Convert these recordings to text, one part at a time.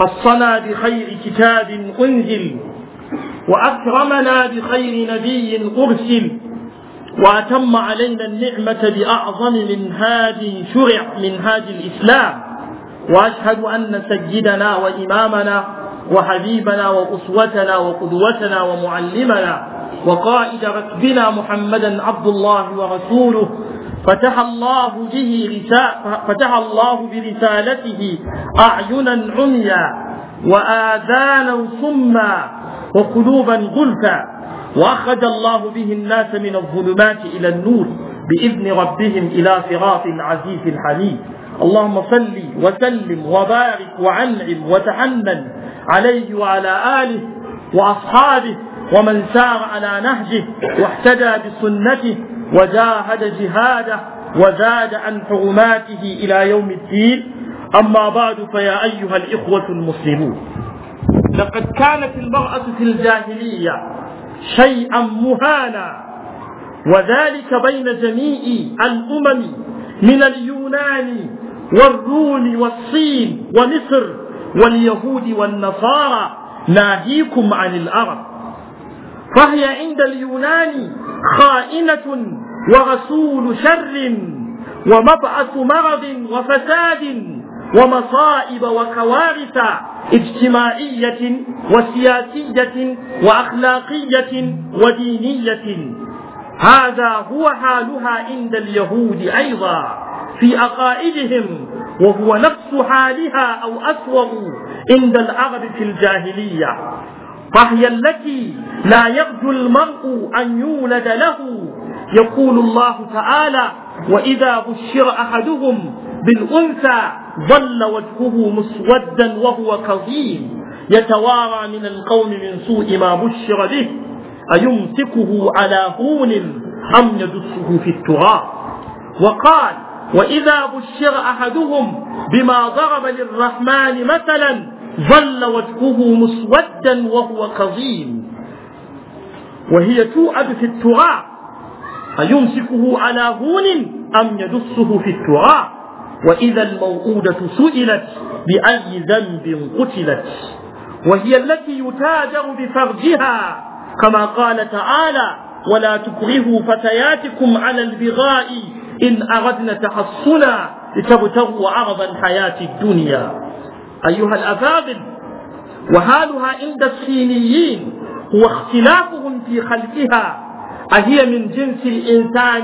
خصنا بخير كتاب أنزل وأكرمنا بخير نبي أرسل وأتم علينا النعمة بأعظم منهاج شرع منهاج الإسلام وأشهد أن سيدنا وإمامنا وحبيبنا وأسوتنا وقدوتنا ومعلمنا وقائد ركبنا محمدا عبد الله ورسوله فتح الله به فتح الله برسالته أعينا عميا وآذانا صما وقلوبا غلفا وأخرج الله به الناس من الظلمات إلى النور بإذن ربهم إلى صراط العزيز الحميد اللهم صل وسلم وبارك وأنعم وتحنن عليه وعلى آله وأصحابه ومن سار على نهجه واهتدى بسنته وجاهد جهاده وزاد عن حرماته إلى يوم الدين أما بعد فيا أيها الإخوة المسلمون لقد كانت المرأة في الجاهلية شيئا مهانا وذلك بين جميع الأمم من اليونان والروم والصين ومصر واليهود والنصارى ناهيكم عن العرب فهي عند اليونان خائنة ورسول شر ومبعث مرض وفساد ومصائب وكوارث اجتماعية وسياسية وأخلاقية ودينية هذا هو حالها عند اليهود أيضا في عقائدهم وهو نفس حالها أو أسوأ عند العرب في الجاهلية فهي التي لا يرجو المرء أن يولد له يقول الله تعالى وإذا بشر أحدهم بالأنثى ظل وجهه مسودا وهو كظيم يتوارى من القوم من سوء ما بشر به أيمسكه على هون أم يدسه في التراب وقال وإذا بشر أحدهم بما ضرب للرحمن مثلا ظل وجهه مسودا وهو قضيم وهي توأب في التراب أيمسكه على هون أم يدسه في التراب وإذا الموءودة سئلت بأي ذنب قتلت وهي التي يتاجر بفرجها كما قال تعالى ولا تكرهوا فتياتكم على البغاء إن أردنا تحصنا لتبتغوا عرض الحياة الدنيا أيها الأفاضل وحالها عند الصينيين هو اختلافهم في خلقها أهي من جنس الإنسان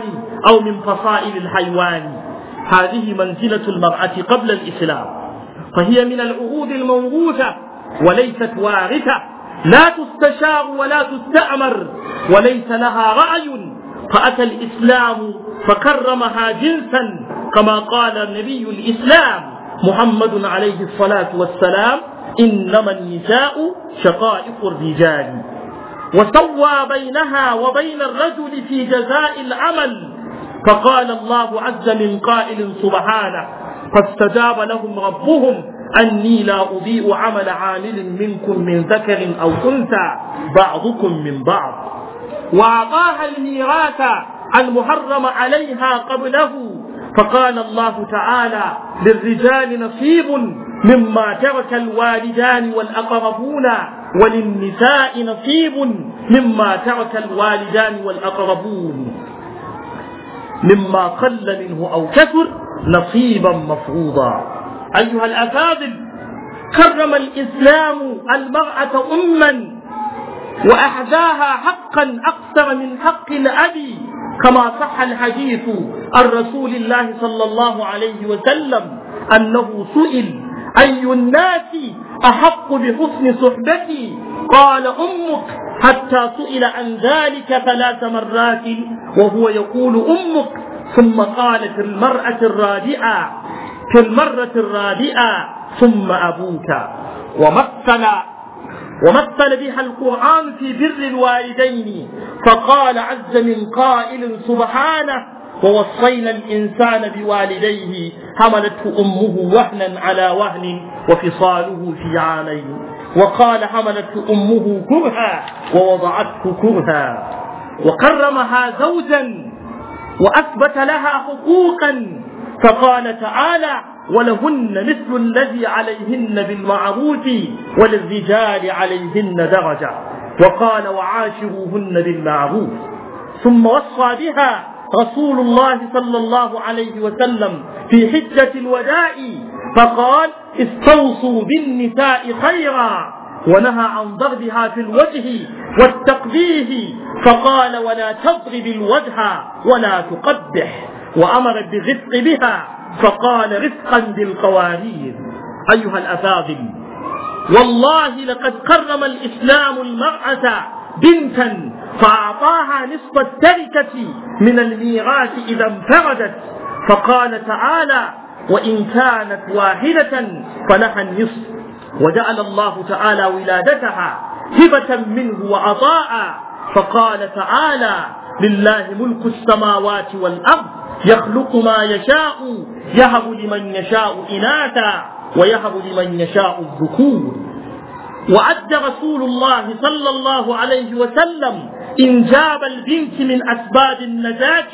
أو من فصائل الحيوان هذه منزلة المرأة قبل الإسلام فهي من العهود الموروثة وليست وارثة لا تستشار ولا تستأمر وليس لها رأي فأتى الإسلام فكرمها جنسا كما قال نبي الإسلام محمد عليه الصلاة والسلام إنما النساء شقائق الرجال وسوى بينها وبين الرجل في جزاء العمل فقال الله عز من قائل سبحانه فاستجاب لهم ربهم أني لا أضيء عمل عامل منكم من ذكر أو أنثى بعضكم من بعض وأعطاها الميراث المحرم عليها قبله فقال الله تعالى للرجال نصيب مما ترك الوالدان والأقربون وللنساء نصيب مما ترك الوالدان والأقربون مما قل منه أو كثر نصيبا مفروضا أيها الأفاضل كرم الإسلام المرأة أما وأحداها حقا أكثر من حق الأب كما صح الحديث عن رسول الله صلى الله عليه وسلم أنه سئل أي الناس أحق بحسن صحبتي قال أمك حتى سئل عن ذلك ثلاث مرات وهو يقول أمك ثم قال في المرأة الرابعة في المرة الرابعة ثم أبوك ومثل ومثل بها القرآن في بر الوالدين فقال عز من قائل سبحانه ووصينا الإنسان بوالديه حملته أمه وهنا على وهن وفصاله في عامين وقال حملته أمه كرها ووضعته كرها وكرمها زوجا وأثبت لها حقوقا فقال تعالى ولهن مثل الذي عليهن بالمعروف وللرجال عليهن درجة وقال وعاشروهن بالمعروف ثم وصى بها رسول الله صلى الله عليه وسلم في حجة الوداع فقال استوصوا بالنساء خيرا ونهى عن ضربها في الوجه والتقبيه فقال ولا تضرب الوجه ولا تقبح وأمر بالرفق بها فقال رفقا بالقوانين أيها الأفاضل والله لقد كرم الإسلام المرأة بنتا فأعطاها نصف التركة من الميراث إذا انفردت فقال تعالى وإن كانت واحدة فلها النصف وجعل الله تعالى ولادتها هبة منه وعطاء فقال تعالى لله ملك السماوات والأرض يخلق ما يشاء يهب لمن يشاء إناثا ويهب لمن يشاء الذكور وعد رسول الله صلى الله عليه وسلم إنجاب البنت من أسباب النجاة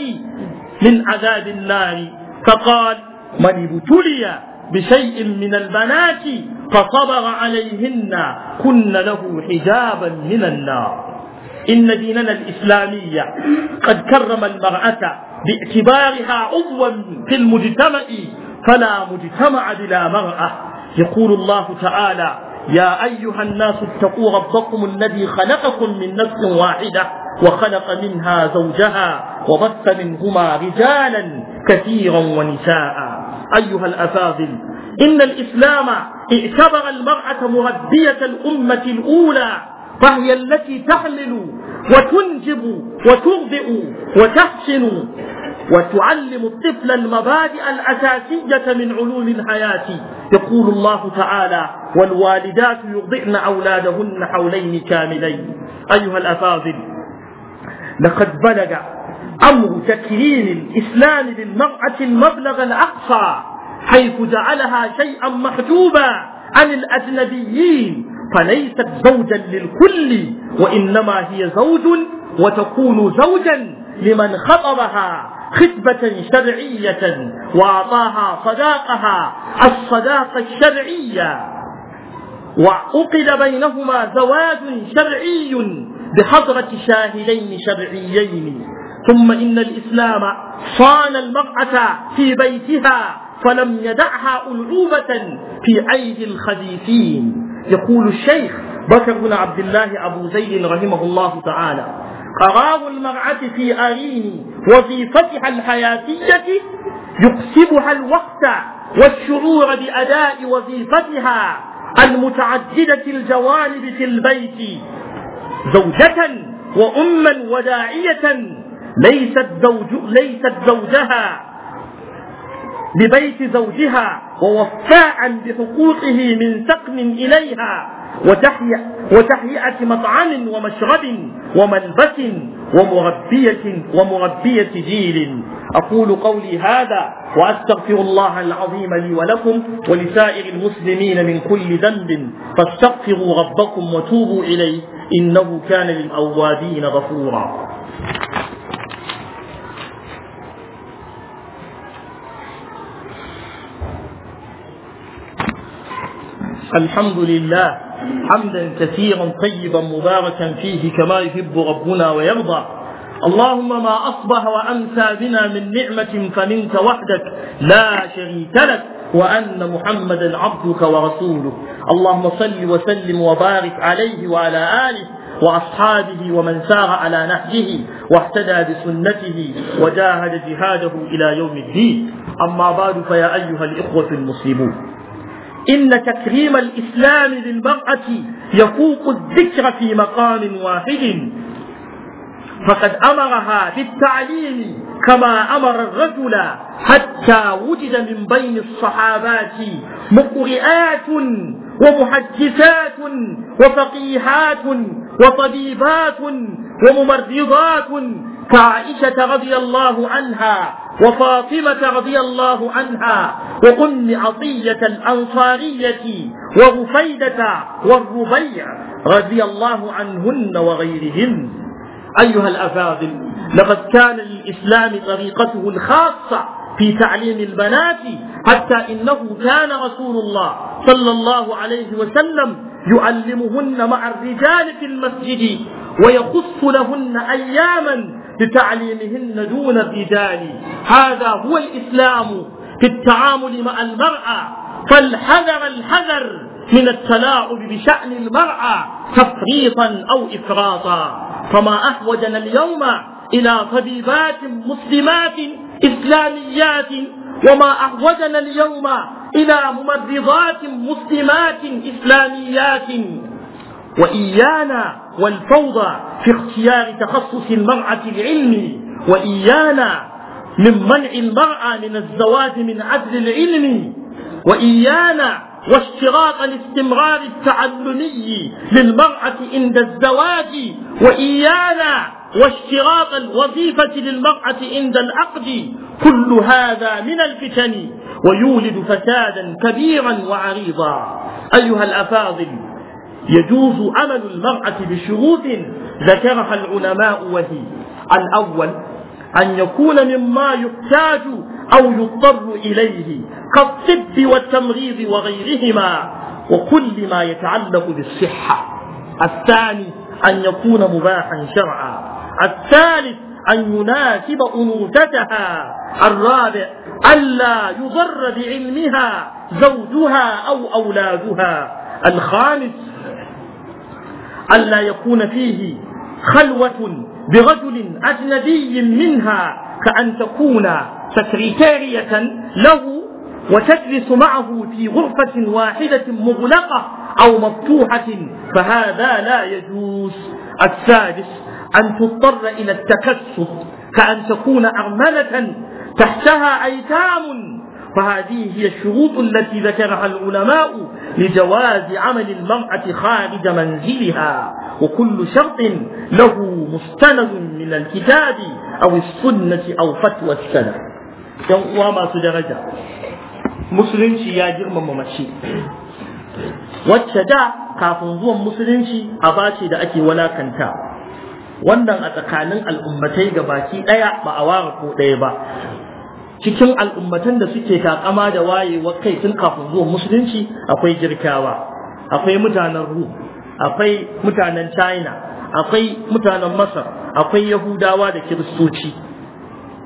من عذاب النار فقال من ابتلي بشيء من البنات فصبر عليهن كن له حجابا من النار إن ديننا الإسلامي قد كرم المرأة باعتبارها عضوا في المجتمع فلا مجتمع بلا مرأة يقول الله تعالى يا أيها الناس اتقوا ربكم الذي خلقكم من نفس واحدة وخلق منها زوجها وبث منهما رجالا كثيرا ونساء أيها الأفاضل إن الإسلام اعتبر المرأة مربية الأمة الأولى فهي التي تحمل وتنجب وتغذئ وتحسن وتعلم الطفل المبادئ الأساسية من علوم الحياة يقول الله تعالى والوالدات يرضعن أولادهن حولين كاملين أيها الأفاضل لقد بلغ أمر تكريم الإسلام للمرأة المبلغ الأقصى حيث جعلها شيئا محجوبا عن الأجنبيين فليست زوجا للكل وإنما هي زوج وتكون زوجا لمن خطبها خطبة شرعية وأعطاها صداقها الصداقة الشرعية وعقد بينهما زواج شرعي بحضرة شاهدين شرعيين ثم إن الإسلام صان المرأة في بيتها فلم يدعها ألعوبة في أيدي الخبيثين يقول الشيخ بكر بن عبد الله أبو زيد رحمه الله تعالى قرار المرأة في أرين وظيفتها الحياتية يكسبها الوقت والشعور بأداء وظيفتها المتعددة الجوانب في البيت زوجة وأما وداعية ليست, زوج ليست زوجها ببيت زوجها ووفاء بحقوقه من سقم إليها وتهيئة مطعم ومشرب وملبس ومربية, ومربية جيل أقول قولي هذا وأستغفر الله العظيم لي ولكم ولسائر المسلمين من كل ذنب فاستغفروا ربكم وتوبوا إليه إنه كان للأوابين غفورا الحمد لله حمدا كثيرا طيبا مباركا فيه كما يحب ربنا ويرضى اللهم ما أصبح وأمسى بنا من نعمة فمنك وحدك لا شريك لك وأن محمدا عبدك ورسوله اللهم صل وسلم وبارك عليه وعلى آله وأصحابه ومن سار على نهجه واهتدى بسنته وجاهد جهاده إلى يوم الدين أما بعد فيا أيها الإخوة المسلمون إن تكريم الإسلام للمرأة يفوق الذكر في مقام واحد فقد أمرها بالتعليم كما أمر الرجل حتى وجد من بين الصحابات مقرئات ومحدثات وفقيهات وطبيبات وممرضات كعائشة رضي الله عنها وفاطمة رضي الله عنها وأم عطية الأنصارية ورفيدة والربيع رضي الله عنهن وغيرهن أيها الأفاضل لقد كان للإسلام طريقته الخاصة في تعليم البنات حتى إنه كان رسول الله صلى الله عليه وسلم يعلمهن مع الرجال في المسجد ويخص لهن أياما بتعليمهن دون الرجال هذا هو الإسلام في التعامل مع المرأة فالحذر الحذر من التلاعب بشأن المرأة تفريطا أو إفراطا فما أحوجنا اليوم إلى طبيبات مسلمات إسلاميات وما أحوجنا اليوم إلى ممرضات مسلمات إسلاميات وإيانا والفوضى في اختيار تخصص المرأة العلمي وإيانا من منع المرأة من الزواج من عدل العلم وإيانا واشتراط الاستمرار التعلمي للمرأة عند الزواج وإيانا واشتراط الوظيفة للمرأة عند العقد كل هذا من الفتن ويولد فسادا كبيرا وعريضا أيها الأفاضل يجوز عمل المرأة بشروط ذكرها العلماء وهي الأول أن يكون مما يحتاج أو يضطر إليه كالطب والتمريض وغيرهما وكل ما يتعلق بالصحة الثاني أن يكون مباحا شرعا الثالث أن يناسب أنوثتها الرابع ألا يضر بعلمها زوجها أو أولادها الخامس ألا يكون فيه خلوة برجل أجنبي منها كأن تكون سكرتارية له وتجلس معه في غرفة واحدة مغلقة أو مفتوحة فهذا لا يجوز السادس أن تضطر إلى التكسب كأن تكون أرملة تحتها أيتام فهذه هي الشروط التي ذكرها العلماء لجواز عمل المرأة خارج منزلها وكل شرط له مستند من الكتاب أو السنة أو فتوى السنة وما سجرجة مسلم يا جرم ممشي والشجاع كافن زوم مسلم شي أباشي دأتي ولا كنتا wannan a tsakanin al'ummatai gabaki ɗaya ba a cikin al'ummatan da suke takama da wayewa kai tun kafin zuwan musulunci akwai girkawa akwai mutanen ru akwai mutanen china akwai mutanen masar akwai yahudawa da kiristoci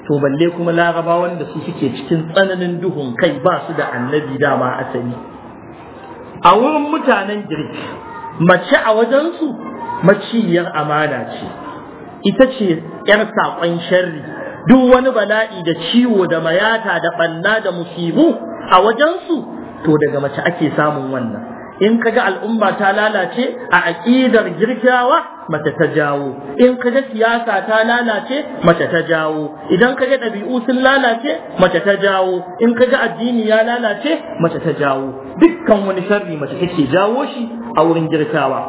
to balle kuma laraba da su suke cikin tsananin duhun kai ba su da annabi dama asali a wurin mutanen girki mace a wajen su maciyar amana ce ita ce 'yar saƙon sharri duk wani bala'i da ciwo da mayata da banna da musibu a wajensu to daga mace ake samun wannan in ka ga al'umma ta lalace a aƙidar girkawa mace ta jawo in kaga siyasa ta lalace mace ta jawo idan ka ga ɗabi'u sun lalace mace ta jawo in ka ga addini ya lalace mace ta jawo dukkan wani sharri mace take jawo shi a wurin girkawa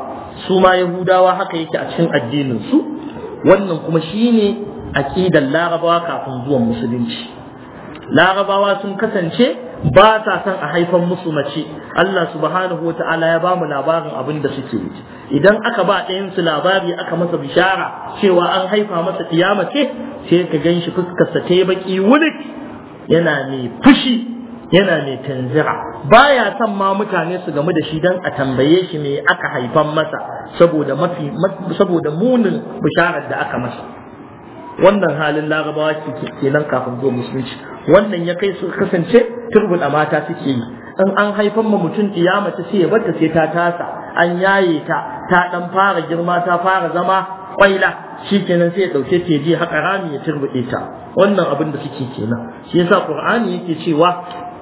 su ma yahudawa haka yake a cikin addinin su wannan kuma shine aqidar larabawa kafin zuwan musulunci larabawa sun kasance ba sa son a haifan musu mace Allah subhanahu wata'ala ta'ala ya mu labarin abin da suke yi idan aka ba ɗayan su labari aka masa bishara cewa an haifa masa kiyama ce sai ka ganshi fuskarsa ta yi baki wulik yana mai fushi yana mai tanzira baya son ma mutane su gamu da shi dan a tambaye shi me aka haifan masa saboda mafi saboda munin bisharar da aka masa wannan halin larabawa kenan kafin zuwa musulunci wannan ya kai su kasance turbul a mata suke yi in an haifan ma mutum ya mace sai ya ta sai ta tasa an yaye ta ta dan fara girma ta fara zama kwaila shikenan sai ya dauke ta je haka rami ya turbuɗe ta wannan abin da suke kenan shi yasa qur'ani yake cewa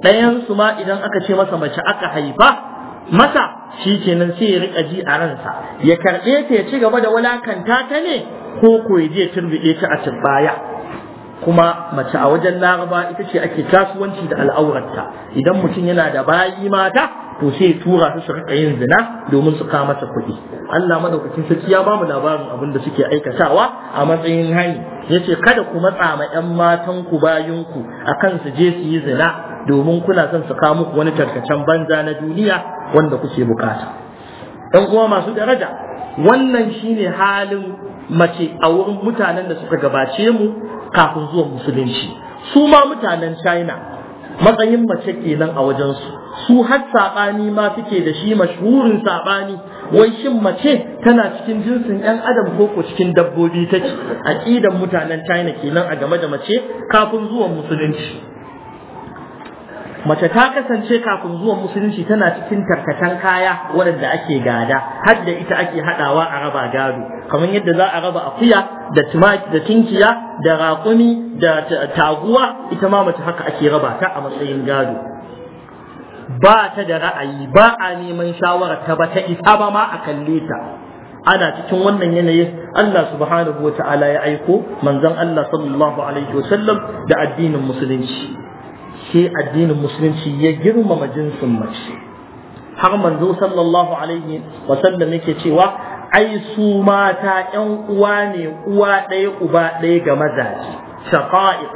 ɗayan su ma idan aka ce masa mace aka haifa masa shi kenan sai ya rika ji a ransa ya karɓe ta ya ci gaba da walakanta ta ne ko ko ya je turbiɗe ta a tibbaya kuma mace a wajen laraba ita ce ake kasuwanci da al'aurarta idan mutum yana da bayi mata to sai tura su su rika yin zina domin su kama mata kuɗi Allah madaukakin sarki ya bamu labarin abin da suke aikatawa a matsayin hani yace kada ku matsa ma 'yan matan ku bayin akan su je su yi zina domin kuna son su kawo muku wani tarkacen banza na duniya wanda kuke bukata ɗan uwa masu daraja wannan shine halin mace a wurin mutanen da suka gabace mu kafin zuwa musulunci su ma mutanen china matsayin mace kenan a wajen su su har saɓani ma suke da shi mashhurin saɓani wai shin mace tana cikin jinsin 'yan adam ko ko cikin dabbobi take aƙidan mutanen china kenan a game da mace kafin zuwan musulunci mace ta kasance kafin zuwan musulunci tana cikin tarkatan kaya waɗanda ake gada har da ita ake haɗawa a raba gado kamar yadda za a raba akuya da tumaki da tinkiya da raƙumi da taguwa ita ma mace haka ake raba ta a matsayin gado ba ta da ra'ayi ba a neman shawara ta ba ta isa ba ma a kalle ta ana cikin wannan yanayin Allah subhanahu wa ta'ala ya aiko manzon Allah sallallahu alaihi sallam da addinin musulunci ke addinin musulunci ya girmama jinsin mace har manzo sallallahu alaihi wasallam yake cewa ai su mata yan uwa ne uwa ɗaya uba ɗaya ga mazaje shaqa'iq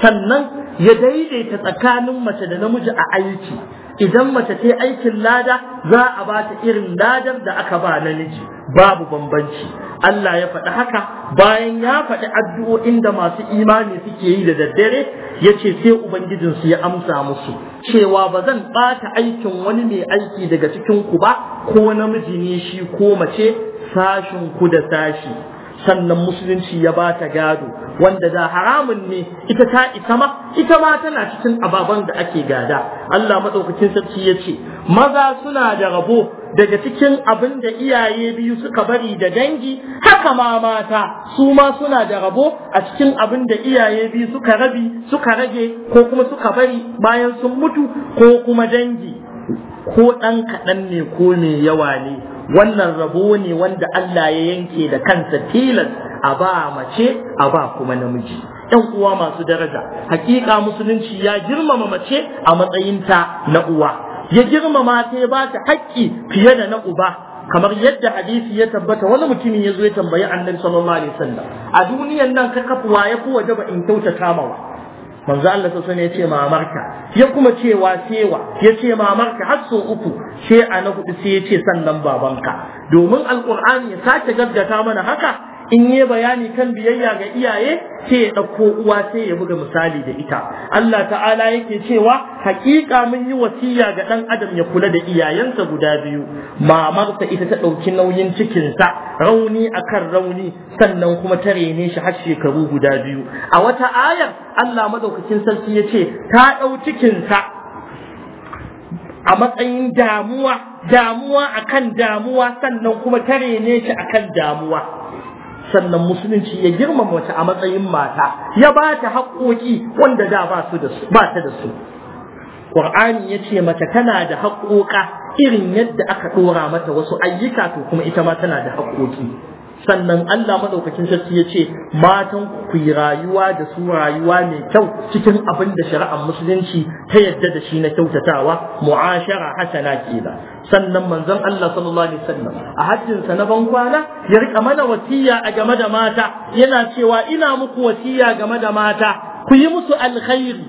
sannan ya daidaita tsakanin mace da namiji a aiki idan mace ta aikin lada za a ba ta irin ladan da aka ba na namiji babu bambanci Allah ya faɗi haka bayan ya faɗi addu'o'in da masu imani suke yi da daddare ya ce sai Ubangijinsu ya amsa musu cewa ba zan ɓata aikin wani mai aiki daga cikin ku ba ko namiji ne shi ko mace sashin ku da sashi sannan musulunci ya ba ta gado wanda za haramun ne ita ta ita ma ita ma tana cikin ababan da ake gada Allah madaukakin sarki ya ce maza suna da rabo daga cikin abin da iyaye biyu suka bari da dangi haka ma mata su ma suna da rabo a cikin abin da iyaye biyu suka rabi suka rage ko kuma suka bari bayan sun mutu ko kuma dangi ko ɗan kaɗan ne ko mai yawa ne wannan rabo ne wanda Allah ya yanke da kansa tilas a ba mace a ba kuma namiji ‘yan uwa masu daraja hakika musulunci ya girmama mace a matsayinta na uwa ya girmama ta ya ba ta haƙƙi fiye da na uba kamar yadda hadisi ya tabbata wani mutumin ya zo ya tambayi annabi sallallahu alaihi wasallam a duniyan nan ka kafuwa ya fi waje ba in kyautata mawa manzo Allah sassa ne ya ce mamarka ya kuma cewa sewa ya ce mamarka har sau uku sai a na hudu sai yace sannan babanka domin Alƙur'ani ya sake gaggata mana haka in yi bayani kan biyayya ga iyaye sai ya ɗauko uwa sai ya buga misali da ita Allah ta'ala yake cewa hakika mun yi wasiya ga ɗan adam ya kula da iyayensa guda biyu mamarsa ita ta ɗauki nauyin cikinsa rauni akan rauni sannan kuma ta rene shi har shekaru guda biyu a wata ayar Allah madaukakin sarki ya ce ta ɗau cikinsa a matsayin damuwa damuwa akan damuwa sannan kuma ta rene shi akan damuwa sannan musulunci ya girmama mace a matsayin mata ya ba ta haƙoƙi wanda da ba su da su ba ta da su Qur'ani ya ce mace tana da haƙoƙa irin yadda aka ɗora mata wasu ayyuka to kuma ita ma tana da haƙoƙi sannan Allah maɗaukakin sarki ya ce matan ku yi rayuwa da su rayuwa mai kyau cikin abin da shari'ar musulunci ta yadda da shi na kyautatawa mu'ashara hasana kila sannan manzon Allah sallallahu alaihi wasallam a hajjin sa na ban kwana ya rika mana wasiya a game da mata yana cewa ina muku wasiya game da mata ku yi musu alkhairi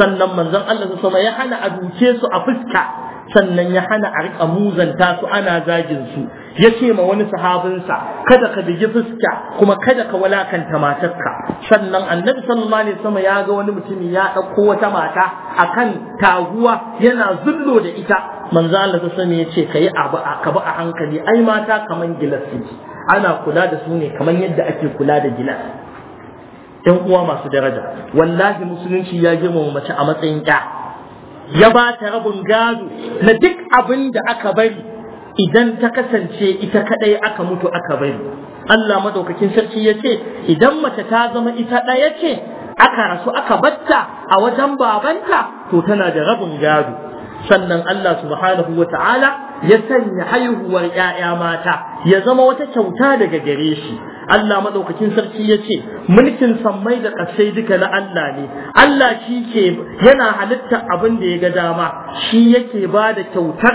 sannan manzon Allah sallallahu alaihi wasallam ya hana a duke su a fuska sannan ya hana a riƙa muzanta su ana zagin su ya ce ma wani sahabinsa kada ka bigi fuska kuma kada ka walakanta matarka sannan annabi sallallahu alaihi wasallam ya ga wani mutumi ya ɗauko wata mata akan taguwa yana zullo da ita manzo Allah ta sani ya ce kayi abu a bi a hankali ai mata kaman gilas ana kula da su ne kaman yadda ake kula da gilas ɗan uwa masu daraja wallahi musulunci ya girmama mace a matsayin ƙya ya ba ta rabin gado na duk abin da aka bari idan ta kasance ita kadai aka mutu aka bari Allah madaukakin sarki ya ce idan mace ta zama ita ɗaya ce aka rasu aka batta a wajen babanta to tana da rabin gado sannan Allah subhanahu wa ta'ala ya sanya haihuwar ‘ya'ya mata ya zama wata kyauta daga gare shi. Allah maɗaukakin sarki ya ce, mulkin sammai da ƙasai duka na Allah ne, Allah shi ke yana halitta abin da ya ga dama, shi yake ba da kyautar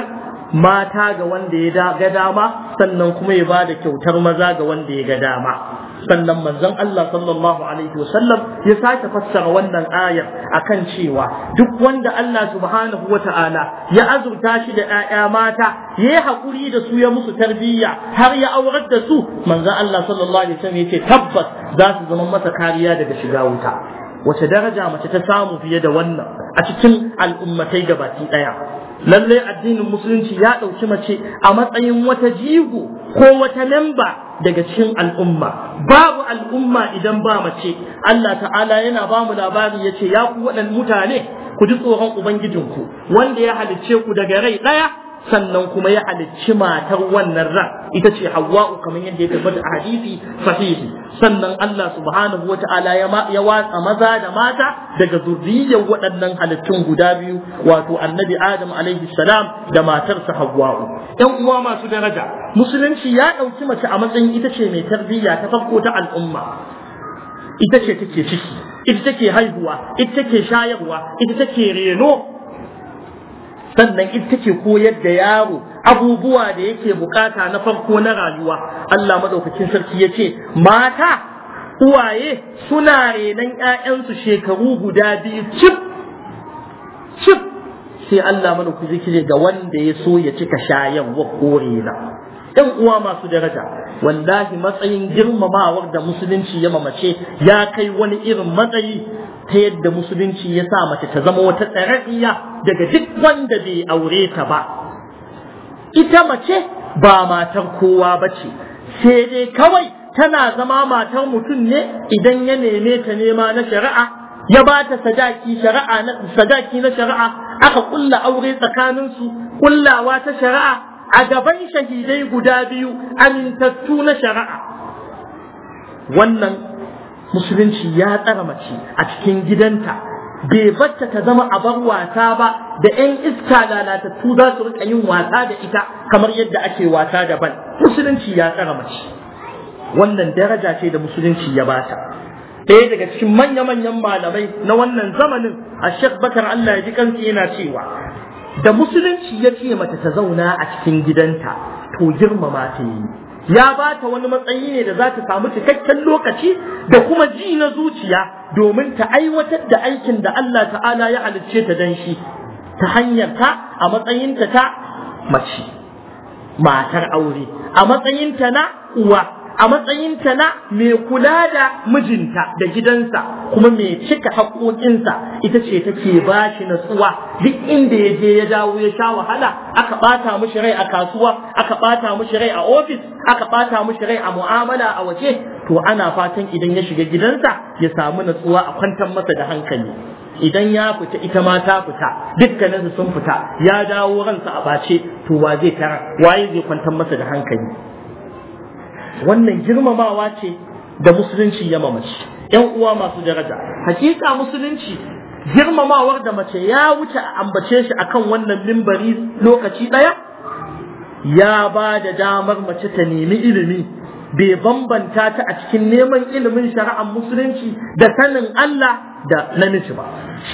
mata ga wanda ya ga dama, sannan kuma ya bada kyautar maza ga wanda ya ga dama. sannan manzon Allah sallallahu alaihi wasallam ya sake fassara wannan ayar akan cewa duk wanda Allah subhanahu wata'ala ya azurta shi da ƴaƴa mata ya yi haƙuri da su ya musu tarbiyya har ya aurar da su manzon Allah sallallahu alaihi wasallam ce tabbas za su zama masa kariya daga shiga wuta wace daraja mace ta samu fiye da wannan a cikin al'ummatai gabaki ɗaya lallai addinin musulunci ya ɗauki mace a matsayin wata jigo ko wata memba daga cikin al'umma babu al'umma idan ba mace Allah ta'ala yana ba mu labari yace ya ku waɗannan mutane ku ji tsoron ubangijinku wanda ya halicce ku daga rai ɗaya sannan kuma ya halicci matar wannan ran ita ce hawa'u kamar yadda ya tabbata a hadisi sahihi sannan Allah subhanahu wa ta'ala ya watsa maza da mata daga zurriyar waɗannan halittun guda biyu wato annabi adam alaihi salam da matarsa hawa'u ɗan uwa masu daraja musulunci ya ɗauki mace a matsayin ita ce mai tarbiyya ta farko ta al'umma ita ce take ciki ita take haihuwa ita take shayarwa ita take reno sannan ita take koyar da yaro abubuwa da yake bukata na farko na rayuwa Allah madaukakin sarki yace mata uwaye suna renon ƴaƴansu shekaru guda biyu cif cif sai Allah madaukakin sarki ga wanda ya so ya cika shayan wa kore na ɗan uwa masu daraja wallahi matsayin girmamawar da musulunci ya mamace ya kai wani irin matsayi ta yadda musulunci ya sa mace ta zama wata tsararriya daga duk wanda bai aure ta ba ita mace ba matar kowa ba ce sai dai kawai tana zama matar mutum ne idan ya neme ta nema na shari'a ya ba ta sadaki shari'a na sadaki na shari'a aka kulla aure tsakaninsu kullawa ta shari'a a gaban shahidai guda biyu amintattu na shari'a wannan musulunci ya tsara mace a cikin gidanta bai bacce ta zama abar wasa ba da 'yan iska lalatattu za su rika yin wasa da ita kamar yadda ake wasa daban musulunci ya tsara mace wannan daraja ce da musulunci ya bata ɗaya daga cikin manya-manyan malamai na wannan zamanin a shek Bakar Allah ya ji kansu yana cewa da musulunci ya ce mace ta zauna a cikin gidanta to girmama ta yi ya ba ta wani matsayi ne da za ta samu cikakken lokaci da kuma ji na zuciya domin ta aiwatar da aikin da Allah ta'ala ya halicce ta dan shi ta hanyar ta a matsayinta ta mace matar aure a matsayinta na uwa a matsayinta na mai kula da mijinta da gidansa kuma mai cika haƙoƙinsa ita ce take ba shi natsuwa duk inda ya je ya dawo ya sha wahala aka ɓata mishi rai a kasuwa aka ɓata mishi rai a ofis aka ɓata mishi rai a mu'amala a waje to ana fatan idan ya shiga gidansa ya samu natsuwa a kwantar masa da hankali idan ya fita ita ma ta fita dukkaninsu sun fita ya dawo ransa a bace to wa zai tara waye zai kwantar masa da hankali wannan girmamawa ce da musulunci ya mamaci yan uwa masu daraja hakika musulunci girmamawar da mace ya wuce a ambace shi akan wannan mimbari lokaci daya ya ba da damar mace ta nemi ilimi bai bambanta ta a cikin neman ilimin shari'ar musulunci da sanin Allah da namiji ba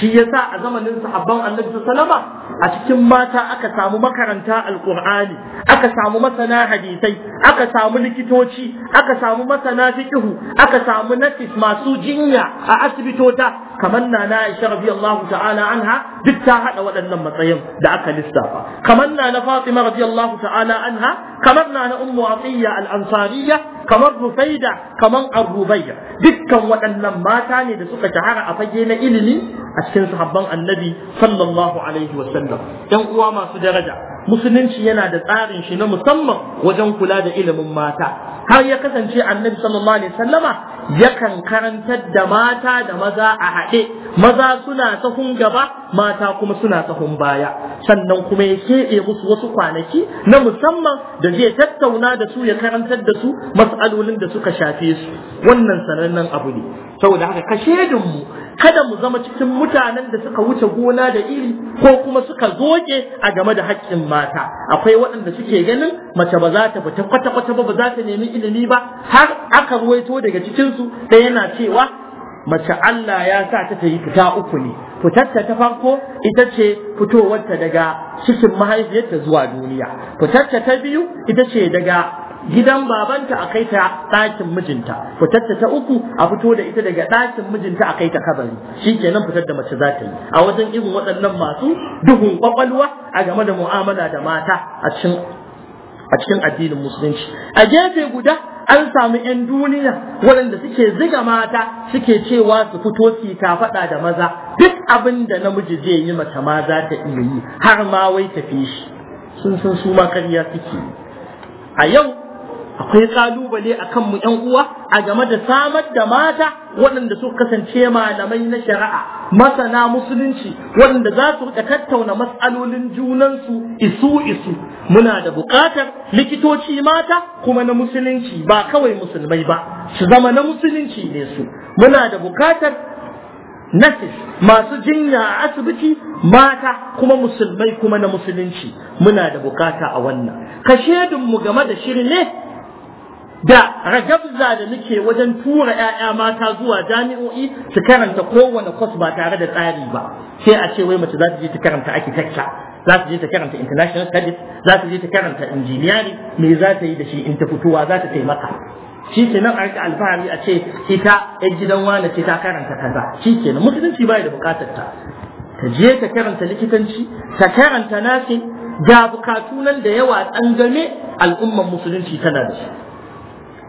shi yasa a zamanin sahabban annabi sallama a cikin mata aka samu makaranta alqur'ani aka samu masana hadisai aka samu likitoci aka samu masana fiqhu aka samu nafis masu jinya a asibitota kamar na na Aisha radiyallahu ta'ala anha duk ta hada waɗannan matsayin da aka lissafa kamar na na Fatima radiyallahu ta'ala anha kamar na na Ummu Atiyya al ansariya kamar Rufaida kamar Arubayya dukkan waɗannan mata ne da suka shahara a fage na ilimi a cikin sahabban Annabi sallallahu alaihi wa sallam ɗan uwa masu daraja musulunci yana da tsarin shi na musamman wajen kula da ilimin mata har ya kasance annabi sallallahu alaihi Sallama yakan karantar da mata da maza a haɗe maza suna sahun gaba mata kuma suna sahun baya sannan kuma ya keɓe musu wasu kwanaki na musamman da zai tattauna da su ya karantar da su mas'alolin da suka shafe su wannan sanannen abu ne saboda haka kashe mu kada mu zama cikin mutanen da suka wuce gona da iri ko kuma suka zoge a game da haƙƙin mata akwai waɗanda suke ganin mace ba za ta fita kwata-kwata ba ba za ta nemi ilimi ba har aka ruwaito daga cikinsu ɗaya yana cewa mace Allah ya sa ta ta yi fita uku ne fitarta ta farko ita ce fitowarta daga cikin mahaifiyarta zuwa duniya fitarta ta biyu ita ce daga gidan babanta a kai ta ɗakin mijinta fitar ta uku a fito da ita daga ɗakin mijinta a kai ta kabari shi kenan fitar da mace za ta yi a wajen irin waɗannan masu duhun ƙwaƙwalwa, a game da mu'amala da mata a cikin a cikin addinin musulunci a gefe guda an samu 'yan duniya waɗanda suke ziga mata suke cewa su fito su ta faɗa da maza duk abin da namiji zai yi mace ma za ta iya yi har ma wai tafi shi sun san su ma karya suke a yau akwai kalubale a kanmu ‘yan uwa a game da samar da mata waɗanda su kasance malamai na shari'a masana musulunci waɗanda za su riƙa tattauna matsalolin junansu isu isu muna da buƙatar likitoci mata kuma na musulunci ba kawai musulmai ba su zama na musulunci ne su muna da buƙatar nurses masu jinya a asibiti mata kuma musulmai kuma na musulunci muna da bukata a wannan ka mu game da ne? da ragabza da nake wajen tura 'ya'ya mata zuwa jami'o'i su karanta kowane kwas ba tare da tsari ba sai a ce wai mace za su je ta karanta architecture za su je ta karanta international studies za su je ta karanta engineering me za ta yi da shi in ta fitowa za ta taimaka shi ke nan a alfahari a ce ita yan gidan wane ce ta karanta kaza shi ke nan musulunci bai da bukatar ta ta je ta karanta likitanci ta karanta nasi ga bukatu nan da yawa tsangame al'umman musulunci tana da shi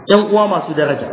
‘yan uwa masu daraja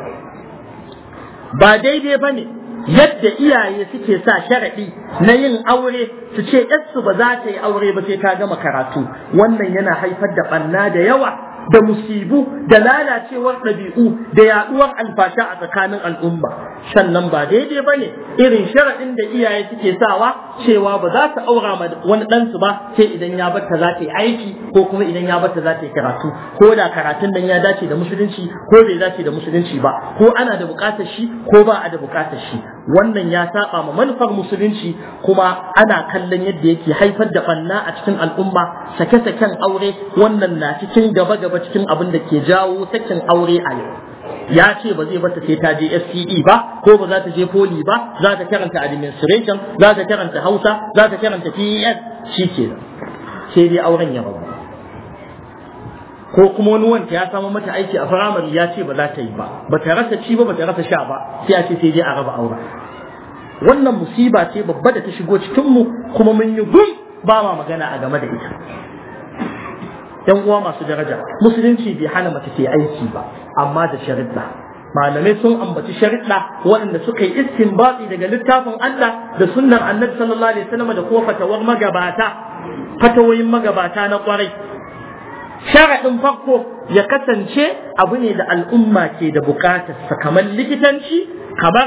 ba daidai ba ne yadda iyaye suke sa sharaɗi na yin aure su ce ‘yarsu ba za ta yi aure ba sai ta gama karatu wannan yana haifar da ɓanna da yawa da musibu da lalacewar ɗabi'u da yaɗuwar alfasha a tsakanin al'umma sannan ba daidai ba ne irin sharaɗin da iyaye suke sawa cewa ba za su aura ma wani ɗansu ba sai idan ya ta za ta yi aiki ko kuma idan ya ta za ta yi karatu ko da karatun dan ya dace da musulunci ko bai dace da musulunci ba ko ana da buƙatar shi ko ba a da buƙatar shi wannan ya saba ma manufar musulunci kuma ana kallon yadda yake haifar da banna a cikin al'umma sake-saken aure wannan na cikin gaba-gaba cikin abin da ke jawo sakin aure a yau ya ce ba zai bata sai ta je SCE ba ko ba za ta je poli ba za ta karanta administration za ta karanta Hausa za ta karanta PES shi ke sai dai auren ya ba. ko kuma wani wanda ya samu mata aiki a firamare ya ce ba za ta yi ba ba ta rasa ci ba ba ta rasa sha ba sai a ce sai je a raba aure wannan musiba ce babba da ta shigo cikin mu kuma mun yi gum ba ma magana a game da ita yan uwa masu daraja musulunci bai hana mace ta aiki ba amma da shariɗa. malamai sun ambaci shariɗa waɗanda suka yi istinbati daga littafin Allah da sunnar annabi sallallahu alaihi wasallam da kuma fatawar magabata fatawoyin magabata na kwarai sharaɗin farko ya kasance abu ne da al'umma ke da buƙatar kamar likitanci kamar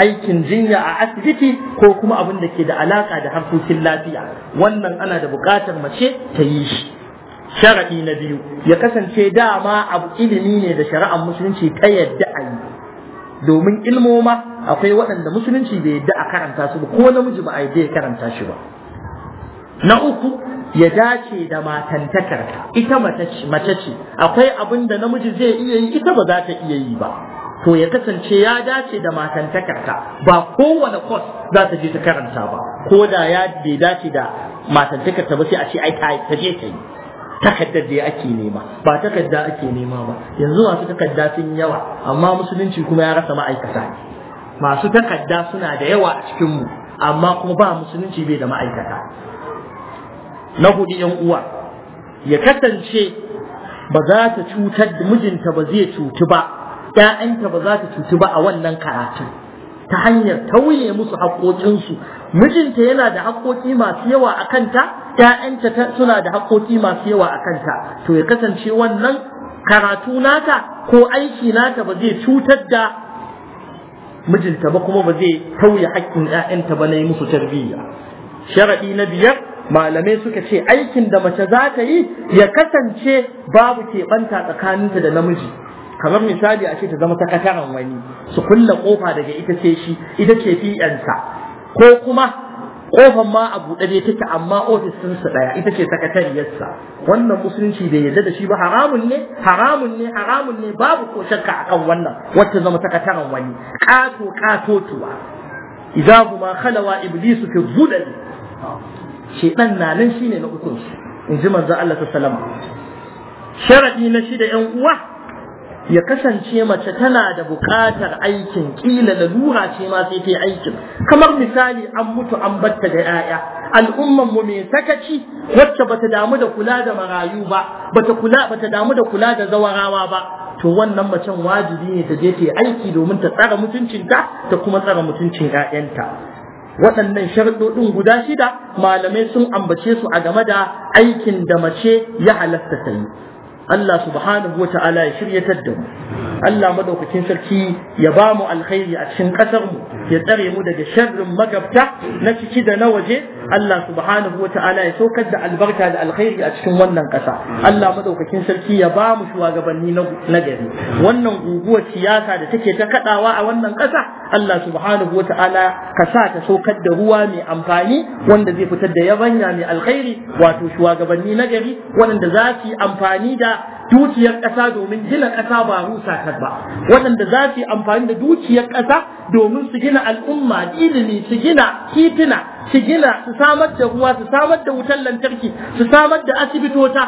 aikin jinya a asibiti ko kuma abin da ke da alaƙa da harkokin lafiya wannan ana da buƙatar mace ta yi shi sharaɗi na biyu ya kasance dama abu ilimi ne da shari'ar musulunci ta yadda a yi domin ilmoma akwai waɗanda musulunci bai yadda a karanta su ba ko namiji ba a yadda ya karanta shi ba na uku ya dace da matantakarta ita mace ce akwai abin da namiji zai iya yi ita ba za ta iya yi ba to ya kasance ya dace da matantakarta ba kowane kwas za ta je ta karanta ba ko da ya bai dace da matantakarta ba sai a ce ai ta je ta yi Takadda da ake nema ba takadda ake nema ba yanzu masu takadda sun yawa amma musulunci kuma ya rasa ma'aikata masu takadda suna da yawa a cikinmu amma kuma ba musulunci bai da ma'aikata na hudu yan uwa ya kasance ba za ta cutar da mijinta ba zai cutu ba ‘ya'yanta ba za ta cutu ba a wannan karatu ta hanyar tauye musu haƙoƙinsu mijinta yana da haƙoƙi masu yawa a kanta ‘ya'yanta suna da haƙoƙi masu yawa a kanta to ya kasance wannan karatu nata ko aiki nata ba zai cutar da mijinta ba kuma ba zai tauye haƙƙin ‘ya'yanta ba na yi musu tarbiyya sharaɗi na biyar malamai suka ce aikin da mace za ta yi ya kasance babu keɓanta tsakaninta da namiji kamar misali a ce ta zama sakataren wani su kulla kofa daga ita ce shi ita ce fiyansa ko kuma kofan ma a buɗe ne take amma ofis sun su ɗaya ita ce sakatariyarsa wannan musulunci bai yarda da shi ba haramun ne haramun ne haramun ne babu ko shakka kan wannan wacce zama sakataren wani ƙato kato tuwa idan huma khalawa iblisu fi dhulal shedan na nan shine na ukun su in ji manzo Allah ta salama sharadi na da yan uwa ya kasance mace tana da buƙatar aikin kila lalura ce ma sai ta aikin kamar misali an mutu an batta da 'ya'ya al'umman mu mai sakaci wacce bata damu da kula da marayu ba bata kula bata damu da kula da zawarawa ba to wannan macen wajibi ne ta je ta yi aiki domin ta tsara mutuncinta ta kuma tsara mutuncin 'ya'yanta waɗannan sharɗoɗin guda shida malamai sun ambace su a game da aikin da mace ya halasta ta yi Allah subhanahu wa ta'ala ya shirya da mu Allah madaukakin sarki ya ba mu alkhairi a cikin kasar mu ya tsare mu daga sharrin magabta na ciki da na waje Allah subhanahu wa ta'ala ya saukar da albarka da alkhairi a cikin wannan ƙasa. Allah madaukakin sarki ya ba mu shugabanni na gari wannan guguwar siyasa da take ta kadawa a wannan ƙasa. Allah subhanahu wa ta'ala ka sa ta saukar da ruwa mai amfani wanda zai fitar da yabanya mai alkhairi wato shugabanni na gari waɗanda za su yi amfani da dukiyar ƙasa domin gina ƙasa ba rusa ta ba waɗanda za su yi amfani da dukiyar ƙasa domin su gina al'umma ilimi su gina titina su gina su samar da ruwa su samar da wutar lantarki su samar da asibitota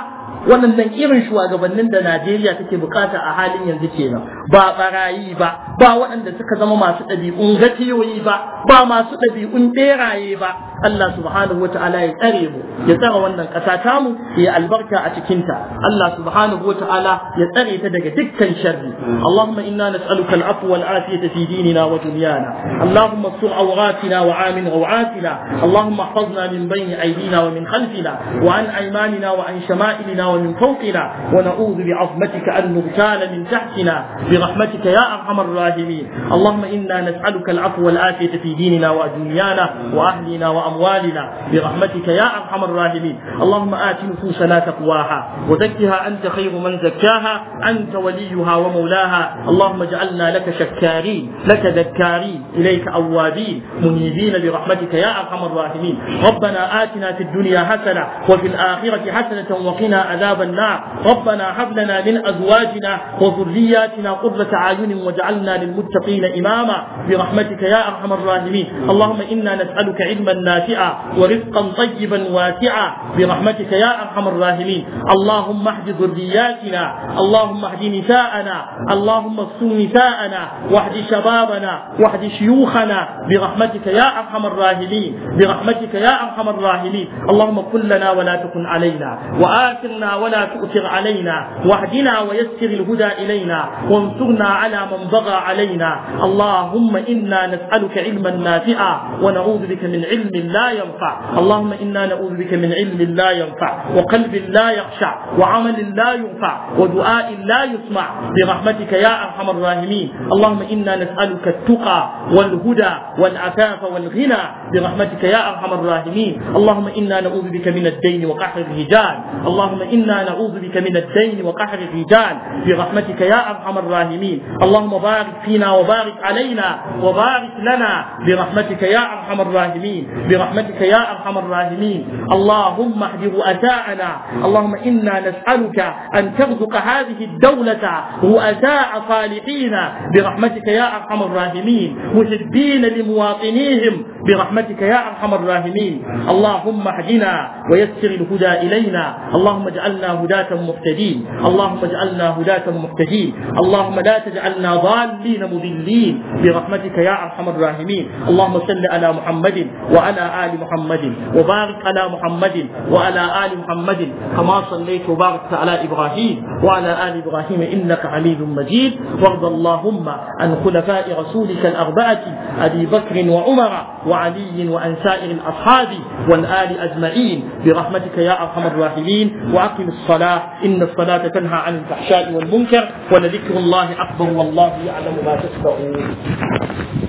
waɗannan irin shugabannin da Najeriya take bukata a halin yanzu kenan ba barayi ba ba waɗanda suka zama masu ɗabi'un gatiyoyi ba ba masu ɗabi'un ɓeraye ba Allah subhanahu wa ta'ala ya tsare mu ya tsare wannan ƙasa tamu ya albarka a cikinta Allah subhanahu wa ta'ala ya tsare ta daga dukkan sharri Allahumma inna nas'aluka al-afwa wal-afiyata fi dinina wa dunyana Allahumma sur awratina wa amin awratina Allahumma ihfazna min bayni aydina wa min khalfina wa an aymanina wa an shama'ilina wa min fawqina wa na'udhu bi'azmatika an nughtala min tahtina برحمتك يا أرحم الراحمين اللهم إنا نسألك العفو والعافية في ديننا ودنيانا وأهلنا وأموالنا برحمتك يا أرحم الراحمين اللهم آت نفوسنا تقواها وزكها أنت خير من زكاها أنت وليها ومولاها اللهم اجعلنا لك شكارين لك ذكارين إليك أوابين منيبين برحمتك يا أرحم الراحمين ربنا آتنا في الدنيا حسنة وفي الآخرة حسنة وقنا عذاب النار ربنا هب لنا من أزواجنا وذرياتنا قرة عين وجعلنا للمتقين إماما برحمتك يا أرحم الراحمين اللهم إنا نسألك علما نافعا ورزقا طيبا واسعا برحمتك يا أرحم الراحمين اللهم اهد ذرياتنا اللهم اهد نساءنا اللهم اصون نساءنا واهد شبابنا واهد شيوخنا برحمتك يا أرحم الراحمين برحمتك يا أرحم الراحمين اللهم كن لنا ولا تكن علينا وآثرنا ولا تؤثر علينا واهدنا ويسر الهدى إلينا وانصرنا على من بغى علينا اللهم إنا نسألك علما نافعا ونعوذ بك من علم لا ينفع اللهم إنا نعوذ بك من علم لا ينفع وقلب لا يخشع وعمل لا ينفع ودعاء لا يسمع برحمتك يا أرحم الراحمين اللهم إنا نسألك التقى والهدى والعفاف والغنى برحمتك يا أرحم الراحمين اللهم إنا نعوذ بك من الدين وقحر الرجال اللهم إنا نعوذ بك من الدين وقحر الرجال برحمتك يا أرحم الراحمين الراحمين اللهم بارك فينا وبارك علينا وبارك لنا برحمتك يا أرحم الراحمين برحمتك يا أرحم الراحمين اللهم اهد رؤساءنا اللهم إنا نسألك أن ترزق هذه الدولة رؤساء صالحين برحمتك يا أرحم الراحمين مجدين لمواطنيهم برحمتك يا أرحم الراحمين اللهم اهدنا ويسر الهدى إلينا اللهم اجعلنا هداة مهتدين اللهم اجعلنا هداة مهتدين اللهم اللهم لا تجعلنا ضالين مضلين برحمتك يا أرحم الراحمين اللهم صل على محمد وعلى آل محمد وبارك على محمد وعلى آل محمد كما صليت وباركت على إبراهيم وعلى آل إبراهيم إنك حميد مجيد وارض اللهم عن خلفاء رسولك الأربعة أبي بكر وعمر وعلي وعن سائر الأصحاب والآل أجمعين برحمتك يا أرحم الراحمين وأقم الصلاة إن الصلاة تنهى عن الفحشاء والمنكر ولذكر الله الله أكبر والله يعلم ما تصنعون